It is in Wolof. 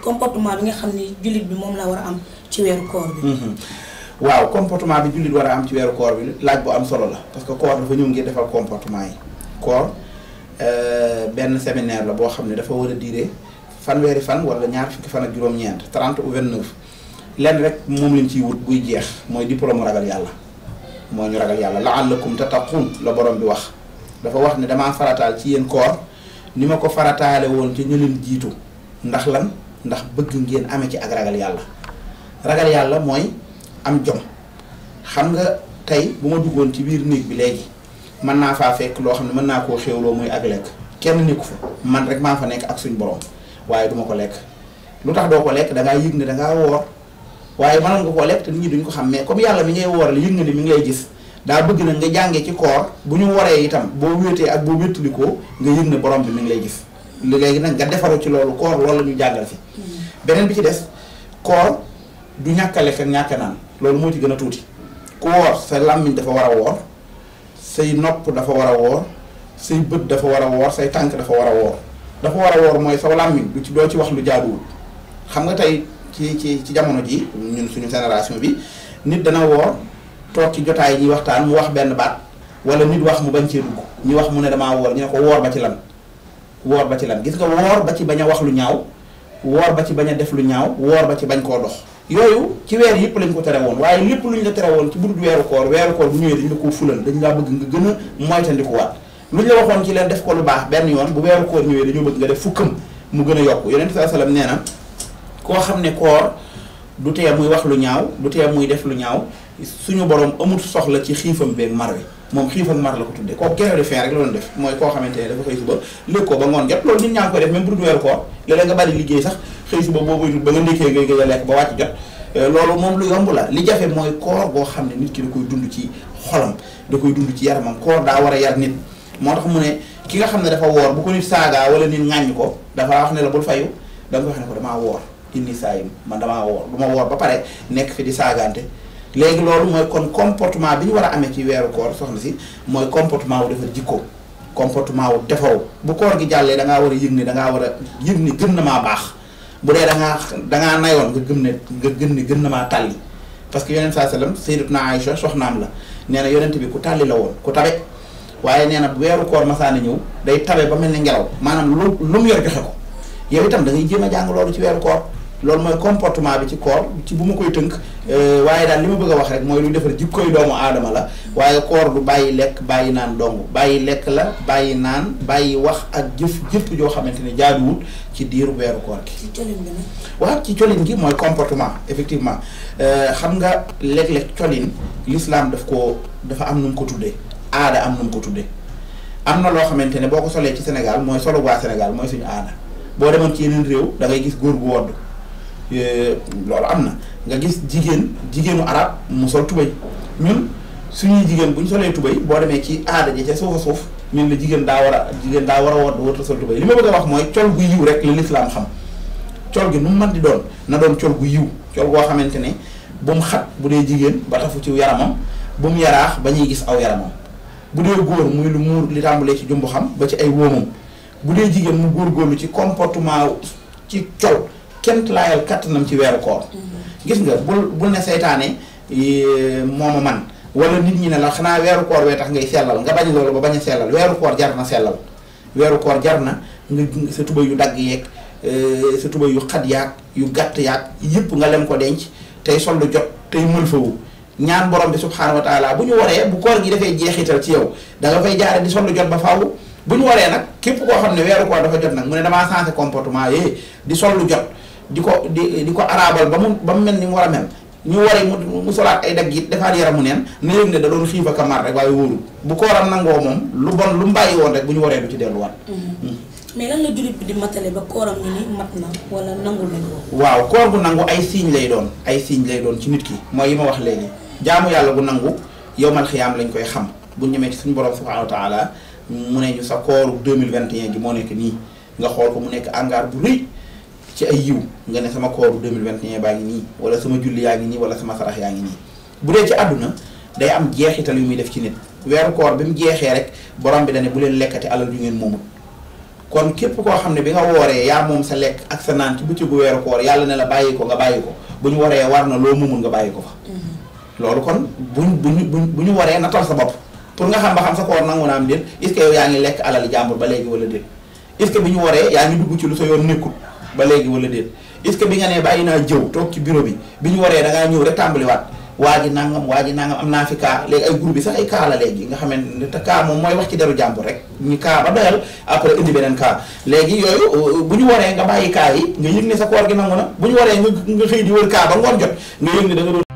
comportement bi nga xam ni jullit bi moom la war a am ci weeru koor bi mhm. waaw comportement bi jullit war a am ci weeru koor bi laaj bu am solo la parce que koor dafa ñëw ngir defal comportement yi koor euh, benn séminaire la boo xam ne dafa war a diire fanweeri fan wala ñaar fukki fan ak juróom-ñeent 30 ou 29 lenn rek moom lañ ci wut buy jeex mooy diplôme ragal yàlla moo ñu ragal yàlla la'allakum tattaqun la boroom bi wax dafa wax ne damaa farataal ci yéen koor ni ma ko farataale woon ci ñu leen ndax lan ndax bëgg ngeen amee ci ak ragal yàlla ragal yàlla mooy am jom xam nga tey bu ma duggoon ci biir néeg bi léegi mën naa faa fekk loo xam ne mën naa koo xéwloo muy ak lekk kenn nekku fa man rek maa fa nekk ak suñ borom waaye duma ko lekk lu tax doo ko lekk da ngaa yëg ne da ngaa woor waaye mënoon nga koo lekk te nit ñi duñ ko xam mais comme yàlla mi ngay wooral la yëg nga ne mi ngi lay gis daa bëgg na nga jàngee ci koor bu ñu woree itam boo wéetee ak boo wéttalikoo nga yëg borom bi mi ngi lay gis léegi nag nga defaru ci loolu koor loolu la ñu jàngal fi beneen bi ci des koor du ñàkkale a lekk ak naan loolu moo ci gën a tuuti ku woor sa làmmiñ dafa war a woor say nopp dafa war a woor say bët dafa war a woor say tànk dafa war a woor dafa war a woor mooy sa làmmiñ du ci doo ci wax lu jaaduwul xam nga tey ci ci ci jamono ji ñun suñu génération bi nit dana woor toog ci jotaay ñi waxtaan mu wax benn baat wala nit wax mu bañ cee rugg ñu wax mu ne damaa woor ñu ko woor ba ci lan woor ba ci lan gis nga woor ba ci bañ a wax lu ñaaw woor ba ci bañ a def lu ñaaw woor ba ci bañ koo dox yooyu ci weer yëpp lañ ko tere woon waaye lépp luñ la tere woon ci budul weeru koor weeru koor bu ñëwee dañ la koo fulal dañ laa bëgg nga gën a moytandikuwaat ci leen def ko lu baax benn yoon bu weeru koor ñëwee dañoo bëgg nga def fukkam mu gën a yokk yonent bi sallam nee na koo xam ne koor du tee muy wax lu ñaaw du tee muy def lu ñaaw suñu boroom amul soxla ci xiifam beeg mar wi moom xiif ak mar la ko tuddee kooku grève de faim rek la doon def mooy koo xamante ne dafa xëy suba léegi ko ba ngoon jot loolu nit ñaa ngi koy def même pour du weeru koor léeg euh, moom lu yomb la li jafe mooy koor boo xam ne nit ki da koy dund ci xolam da koy dund ci yaramam koor daa war a yar nit moo tax mu ne ki nga xam ne dafa woor bu ko nit saagaa wala nit ŋàññ ko dafa wax ne la bul fayu da nga ko wax ne ko damaa woor inni saayim man damaa woor du ma woor ba pare nekk fi di saagaante léegi loolu mooy kon comportement bi ñu war a amee ci weeru koor soxna si mooy comportement wu defar jikko comportement wu defaw bu koor gi jàllee dangaa war a yëg ni da ngaa war a yëg ni gën na maa baax bu dee da ngaa da ngaa nayoon nga gëm ne nga gën ni gën na maa tàlli parce que yonent saa sallam sayyidatuna Aïcha soxnaam la nee na yonent bi ku tàlli la woon ku tabe waaye nee na weeru koor masaana ñëw day tabe ba mel ni ngelaw maanaam lu lu mu yor joxe ko yow itam a jàng loolu ci weeru koor loolu mooy comportement bi ci koor ci bu ma koy tënk euh, waaye daal li ma bëgg a wax rek mooy luy defar jikkoy doomu aadama la waaye koor du bàyyi lekk bàyyi naan dong bàyyi lekk la bàyyi naan bàyyi wax ak jëf jëpp joo xamante ne jaaduwut ci diiru weeru koor gi waaw ci colin gi mooy comportement effectivement euh, xam nga léeg-léeg colin l'islam daf ko dafa am nu mu ko tuddee aada am nu mu ko tuddee am na loo xamante ne boo ko solee ci Sénégal mooy solo waa Sénégal mooy suñu aada boo demoon ci yeneen réew da ngay gis góor gu wodd loolu am na nga gis jigéen jigéenu arab mu sol tubay ñun suñuy jigéen bu ñu solee tubay boo demee ci aada ji ca suufa suuf ñun la jigéen daa war a jigéen daa war a war warta sol tubay li ma bëgg a wax mooy col gu yiw rek la lislaam xam col gi nu mu mën di doon na doon col gu yiw col goo xamante ne bu mu xat bu dee jigéen ba tafu ci yaramam bu mu yaraax ba ñuy gis aw yaramam bu dee góor muy lu muur li tàmbalee ci jumbu xam ba ci ay wóomam bu dee jigéen mu góorgóorlu ci comportement ci col kenn laayal kattanam ci weeru koor mm-hmm. gis nga bul bul ne seytaane mooma man wala nit ñi ne la xanaa weeru koor wee tax ngay sellal nga bañ loolu ba bañ a sellal weeru koor jar na sellal weeru koor jar na nga sa tuba yu dagg yeeg sa tuba yu xat yaag yu gàtt yaag yëpp nga lem ko denc tey sol lu jot tey mël fawu ñaan borom bi subhaanahu wa bu ñu waree bu koor gi dafay jeexital ci yow da nga fay jaare di sol lu jot ba faaw bu ñu waree nag képp koo xam ne weeru koor dafa jot nag mu ne damaa changé comportement yee di sol lu jot di ko di di ko arabal ba mu ba mu mel ni mu war a mel ñu waree mu mu solaat ay dagg it defaat yaramu neen na yëg ne da doon xiif ak mar rek waaye wóorul bu kooram nangoo moom lu bon lu mu bàyyi woon bu ñu waree du ci delluwaat. Mm-hmm. Mm. mais lan la jullit di matale ba kooram ñu ni mat na wala nangul ko. waaw koor gu ay signe lay doon ay signe lay doon ci nit ki mooy yi ma wax léegi jaamu yàlla gu nangu yowmal xiyaam lañ koy xam bu ñemee ci suñu borom subhaanahu wa taala mu ne ñu sa kooru 2021 gi moo nekk nii nga xool ko mu nekk engaar bu rëy. ci ay yiw nga ne sama kooru 2021 baa ngi nii wala sama julli yaa ngi nii wala sama sarax yaa ngi nii bu dee ci àdduna day am jeexital yu muy def ci nit weeru koor bi mu jeexee rek borom bi dane bu leen lekkati alal yu ngeen moomut kon képp koo xam ne bi nga wooree yaa moom sa lekk ak sa naan ci bëccëgu weeru koor yàlla ne la bàyyi ko nga bàyyi ko bu ñu waree war na loo moomul nga bàyyi ko mm-hmm. loolu kon buñ buñ bu ñu waree natal sa bopp pour nga xam ba xam sa koor na am déet est yaa ngi lekk alal jàmbur ba léegi wala déet est bi ñu waree yaa ngi dugg ci lu sa yoon nekkul ba léegi wala déet est-ce que bi nga nee bàyyi naa jëw toog ci bureau bi bi ñu waree da ngaa ñëw rek tàmbaliwaat waa ji nangam waa ji nangam am naa fi cas léegi ay groupe bi sax ay cas la léegi nga xamante ne te cas moom mooy wax ci deru jàmbur rek ñu cas ba doyal après indi beneen cas léegi yooyu euh, bu ñu waree nga bàyyi kaa yi nga yëg ne sa koor gi nangu na bu ñu waree nga nga xëy di wër cas ba ngoon jot nga yëg ne da nga